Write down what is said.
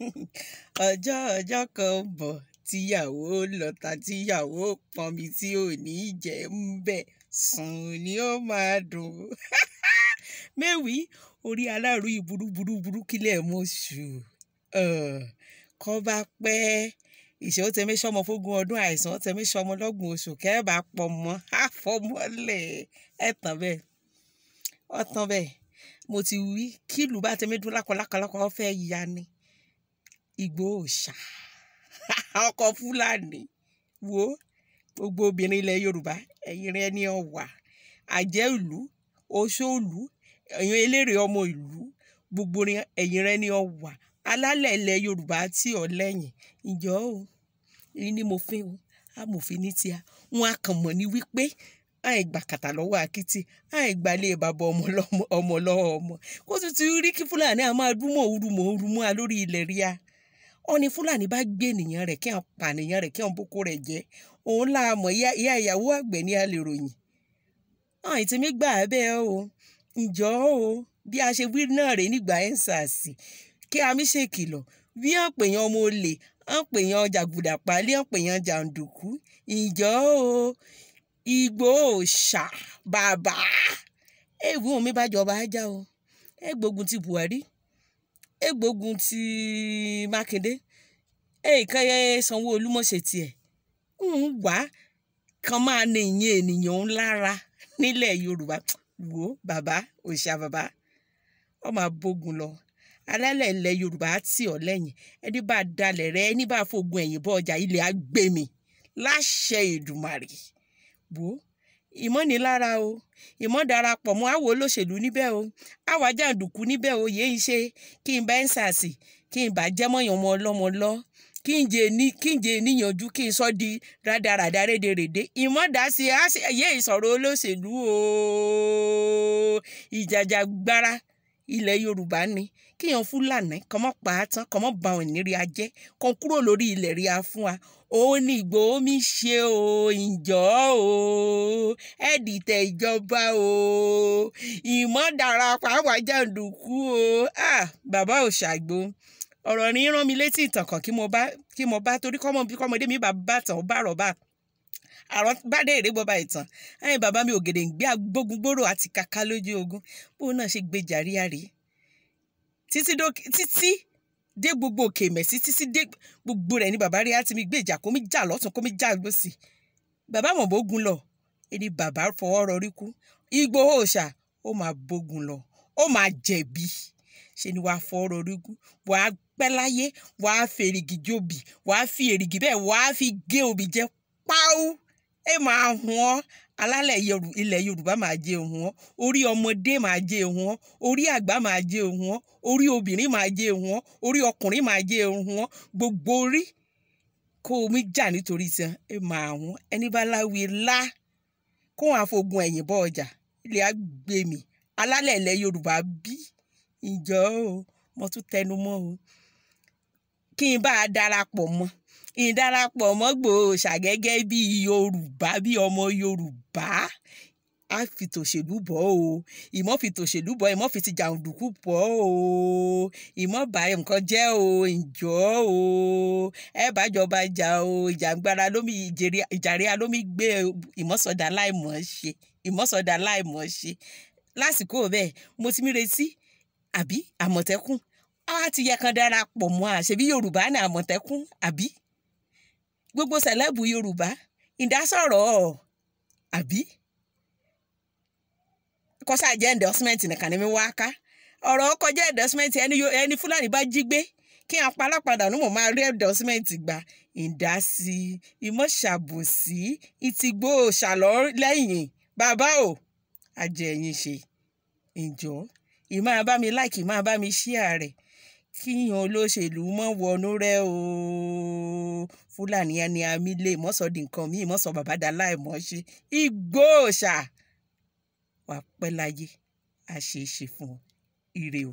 ọjọ́ ọjọ́ kan ń bọ̀ tíyàwó lọ́ta tíyàwó pọnmi tí ò ní jẹ́ ń bẹ̀ sùn ni ó máa dùn. mẹ́wìí orí aláàrú ìburúburúburú kílẹ̀ mọ́ṣù kọ́ bá pẹ́ ìṣe ó tẹ̀mí sọmọ fógún ọdún àìsàn ó tẹ̀mí sọmọ lọ́gbọ̀n oṣù kẹ́ẹ̀bà pọmọ àfọmọlẹ̀ ẹ̀ tán bẹ́ẹ̀ ọ̀tán bẹ́ẹ̀ mo ti wí kílù bá tẹ̀mí dún lákọ̀lákọ̀lákọ̀ ọ́ fẹ́ ya ni igbó òòṣà ọkọ fúlàní wo gbogbo obìnrin ilẹ̀ yorùbá ẹ̀yin rẹ ní ọ̀wà àjẹ́ ìlú oṣòòlù ẹ̀yin eléré ọmọ ìlú gbogbo ẹ̀yin rẹ ní ọ̀wà alálẹ̀ ilẹ̀ yorùbá tí ọ̀ lẹ́yìn ìjọ o èyí ni mo fi hàn amòfin ní tíá wọn a kàn mọ̀ ní wípé àìgbà kàtà lọ́wọ́ akitì àìgbà lè bàbá ọmọ lọ́wọ́ ọmọ kó tuntun rí kí fúlàní a máa dún mòórùmòórùmọ́ lórí ilẹ̀ ríà ó ní fúlàní bá gbé ènìyàn rẹ̀ kí wọ́n pa ènìyàn rẹ̀ kí wọ́n boko rẹ̀ jẹ́ òun là mọ̀ ìyá ìyàwó àgbẹ̀ ní alẹ́ ròyìn. àwọn ìtìmí gbà bẹ́ẹ̀ o ǹjọ́ o bí a ṣe wí náà rèé nígbà ẹ̀ ń sàásì kí a mi ṣe kìlọ̀ bí wọ́n pè yan ọmọ olè wọ́n pè yan jàgùdà pálí wọ́n pè yan jàǹdùkú ǹjọ́ o ìgbò òòṣà bàbá ewu mi bá jọba ajá o ẹ gbógun ti Buhari ẹ gbógun ti Mákindé èèkan yẹ Sanwó-Olú mọ̀ ṣe tiẹ̀ ń wá kan máa ní ìyẹn ènìyàn ńlára nílẹ̀ Yorùbá wo bàbá òṣà bàbá ọ máa bógun lọ alálẹ̀ ilẹ̀ Yorùbá tì ọ́ lẹ́yìn ẹni bá dalẹ̀ rẹ ẹni bá fògùn ẹ̀yìn bọ́ ọjà ilẹ̀ agbèmí láṣẹ Èdùmàrè wo ìmọ̀nilára o ìmọ̀darapọ̀ mọ́ àwọ̀ olóṣèlú níbẹ̀ o àwa jàǹdùkú níbẹ̀ o yéé ṣe kí n bá ẹ̀ ń sàṣì kí n bá jẹ́mọ̀yàn ọmọ ọlọ́mọ lọ kí n jẹ ní kí n jẹ níyànjú kí n sọ di rádaràdà rédèrèdè ìmọ̀dásí àṣeyẹ ìsọ̀rọ̀ olóṣèlú o ìjàjàgbara ilẹ̀ yorùbá ni kíyàn fúlàní kọ́mọ́ pa á tán kọ́mọ́ ba òun rí ajẹ́ kan kúrò lórí ilẹ̀ rí a fún wa òun ni Ìgbòho mi ṣe o ǹjọ́ o ìdìtẹ̀ ìjọba o ìmọ̀dára pàápàá jàǹdùkú o bàbá ò ṣàgbó ọ̀rọ̀ ní rán mi létí ìtàn kan kí mo bá torí kọ́mọdé mi bá bàtàn ó bá rọ̀ bá àrọ bá dé èrè bọba ìtàn ẹ̀yin bàbá mi ògèdè ń gbé agbógun gbòòrò àti kàkà lójú ogun bóun náà ṣe gbé jàríà rèé títí dé gbogbo òkè mẹ́sì títí dé gbogbo rẹ̀ ni bàbá rí àti mi gbé ìjà kó mi jà lọ́tún kó mi jà gbòsì bàbá mọ̀ bó gun lọ ẹni bàbá fọwọ́ rọrí kú Ìgbòho ṣá ó máa bógun lọ ó máa jẹ̀bi ṣe ni wàá fọwọ́ rọrí kú wàá pẹ́ láyé wàá fi èrìgì jóbi wàá fi èrìgì bẹ́ẹ̀ wàá fi gé obì jẹ páú ẹ máa hùn ọ́ alálẹ̀ ilẹ̀ Yorùbá máa jẹ òhun ọ́ orí ọmọdé máa jẹ òhun ọ́ orí àgbà máa jẹ òhun ọ́ orí obìnrin máa jẹ òhun ọ́ orí ọkùnrin máa jẹ òhun ọ́ gbogbo orí kó omi jà nítorí tiẹ̀ ẹ máa hùn ẹni bá láwìí lá. La kóun àfogun ẹ̀yìn bọ́ ọjà ilé agbèmí alálẹ̀ ilẹ̀ yorùbá bí ìjọ o mo tún tẹnu mọ́ o kí n bá a darapọ̀ mọ́ ìdarapọ̀ mọ́ Ìgbòho Òòṣà gẹ́gẹ́ bí yorùbá bí ọmọ yorùbá á fi tòṣèlú bọ̀ o ìmọ̀ fi tòṣèlú bọ̀ ìmọ̀ fi ti jàǹdùkú bọ̀ o ìmọ̀ bá nǹkan jẹ́ o ìjọ o ẹ bájọba jà o ìjàngbara lómi ìjàre alómi gbé e ìmọ̀sọ̀dà láìmọ̀ ṣe ìmọ̀sọ̀dà láìmọ̀ ṣe lásìkò bẹ́ẹ̀ mo ti mi retí àbí àmọ̀tẹ́kùn á ti yẹ kan darapọ̀ mọ́ àṣebí yorùbá ní àmọ̀tẹ́kùn àbí gbogbo sẹ̀lẹ́bù yorùbá ìdásọ̀rọ̀ àbí kọ́sà jẹ́ endorsement nìkan ni mi wá ká ọ̀rọ̀ ọkọ̀ jẹ́ endorsement ẹni fúlàní bá jí gbé kí apalápadà ní mo máa rí endorsement gbà ìdásí ìmọ̀ṣàbòsí ìtìgbò ṣàlọ́ lẹ́yìn bàbá o àjẹyìn ṣe ìjọ ìmáa bá mi láìkì máa bá mi ṣíà rẹ̀ kíyàn olóṣèlú mọ́ wọnú rẹ̀ o fúlàní ẹni àmì lè mọ́sọ̀ di nǹkan míì mọ́sọ̀ bàbá dá láì mọ́ ṣe ìgbó ṣáà wàá pẹ́ láyé á ṣe é ṣe fún ire o.